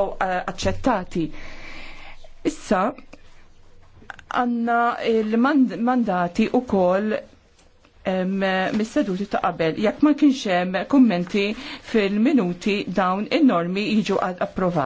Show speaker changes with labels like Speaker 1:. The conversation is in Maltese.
Speaker 1: jibqgħu eh, aċċettati. Issa għandna il-mandati ukoll mis-seduti ta' qabel, jekk ma kienx hemm kummenti fil-minuti dawn in-normi jiġu approvati.